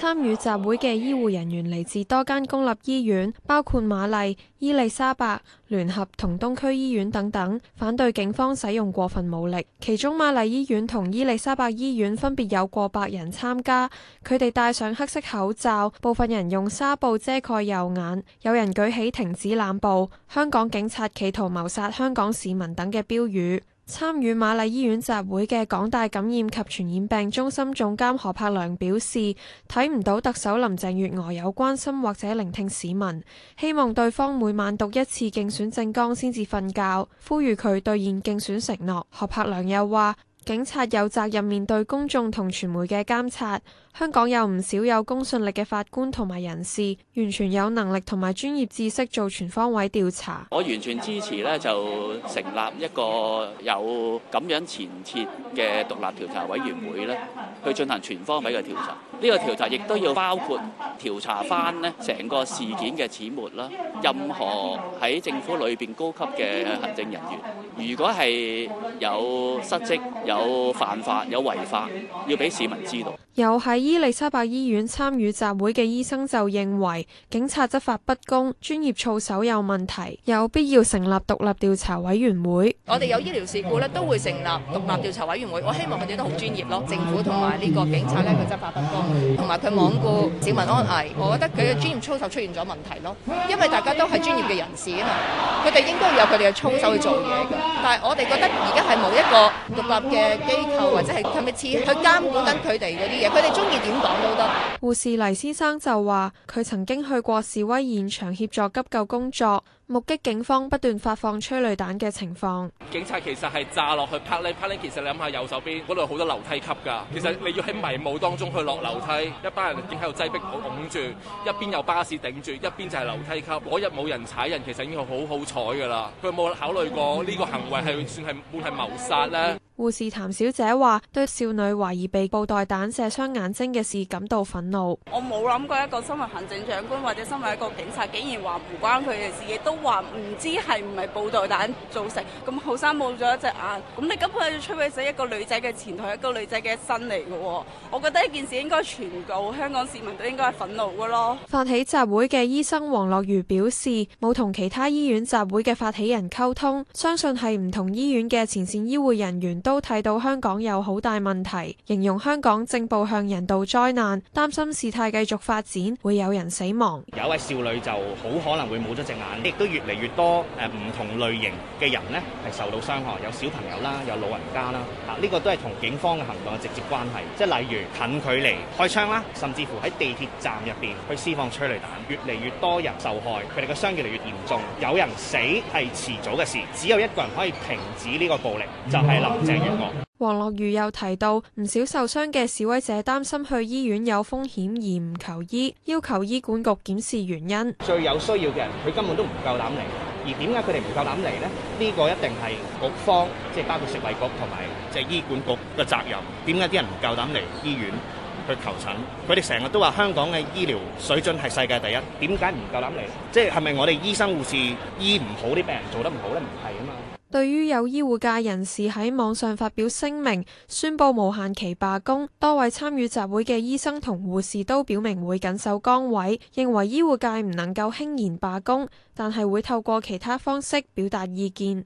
參與集會嘅醫護人員嚟自多間公立醫院，包括瑪麗、伊麗莎白聯合同東區醫院等等，反對警方使用過分武力。其中瑪麗醫院同伊麗莎白醫院分別有過百人參加，佢哋戴上黑色口罩，部分人用紗布遮蓋右眼，有人舉起「停止濫捕」、香港警察企圖謀殺香港市民等嘅標語。參與瑪麗醫院集會嘅港大感染及傳染病中心總監何栢良表示，睇唔到特首林鄭月娥有關心或者聆聽市民，希望對方每晚讀一次競選政綱先至瞓覺，呼籲佢兌現競選承諾。何栢良又話。警察有責任面對公眾同傳媒嘅監察。香港有唔少有公信力嘅法官同埋人士，完全有能力同埋專業知識做全方位調查。我完全支持咧，就成立一個有咁樣前設嘅獨立調查委員會咧，去進行全方位嘅調查。呢個調查亦都要包括調查翻咧成個事件嘅始末啦。任何喺政府裏邊高級嘅行政人員，如果係有失職，有犯法，有違法，要俾市民知道。有喺伊利沙伯醫院參與集會嘅醫生就認為警察執法不公、專業操守有問題，有必要成立獨立調查委員會。我哋有醫療事故咧，都會成立獨立調查委員會。我希望佢哋都好專業咯。政府同埋呢個警察咧，佢執法不公，同埋佢罔顧市民安危。我覺得佢嘅專業操守出現咗問題咯。因為大家都係專業嘅人士啊嘛，佢哋應該有佢哋嘅操守去做嘢嘅，但係我哋覺得而家係冇一個獨立嘅機構或者係係咪去監管緊佢哋嗰啲嘢。佢哋中意點講都得。護士黎先生就話：佢曾經去過示威現場協助急救工作，目擊警方不斷發放催淚彈嘅情況。警察其實係炸落去拍呢，拍呢其實你諗下，右手邊嗰度好多樓梯級㗎。其實你要喺迷霧當中去落樓梯，一班人已經喺度擠逼好擁住，一邊有巴士頂住，一邊就係樓梯級。嗰日冇人踩人，其實已經係好好彩㗎啦。佢有冇考慮過呢個行為係算係會係謀殺咧。護士譚小姐話，對少女懷疑被布袋彈射傷眼睛嘅事感到憤怒。我冇諗過一個身為行政長官或者身為一個警察，竟然話唔關佢哋自己，都話唔知係唔係布袋彈造成咁後生冇咗一隻眼。咁你根本係摧毀死一個女仔嘅前途，一個女仔嘅身嚟嘅。我覺得呢件事應該全港香港市民都應該係憤怒噶咯。發起集會嘅醫生黃樂如表示，冇同其他醫院集會嘅發起人溝通，相信係唔同醫院嘅前綫醫護人員都都睇到香港有好大問題，形容香港正步向人道災難，擔心事態繼續發展會有人死亡。有位少女就好可能會冇咗隻眼，亦都越嚟越多誒唔同類型嘅人呢係受到傷害，有小朋友啦，有老人家啦，嚇、這、呢個都係同警方嘅行動嘅直接關係，即係例如近距離開槍啦，甚至乎喺地鐵站入邊去施放催淚彈，越嚟越多人受害，佢哋嘅傷越嚟越嚴重，有人死係遲早嘅事，只有一個人可以停止呢個暴力，就係、是、林鄭。黃樂瑜又提到，唔少受傷嘅示威者擔心去醫院有風險而唔求醫，要求醫管局檢視原因。最有需要嘅人，佢根本都唔夠膽嚟。而點解佢哋唔夠膽嚟呢？呢、呢個一定係局方，即係包括食衛局同埋即係醫管局嘅責任。點解啲人唔夠膽嚟醫院去求診？佢哋成日都話香港嘅醫療水準係世界第一，點解唔夠膽嚟？即係係咪我哋醫生護士醫唔好啲病人，做得唔好咧？唔係啊嘛。對於有醫護界人士喺網上發表聲明，宣佈無限期罷工，多位參與集會嘅醫生同護士都表明會緊守崗位，認為醫護界唔能夠輕言罷工，但係會透過其他方式表達意見。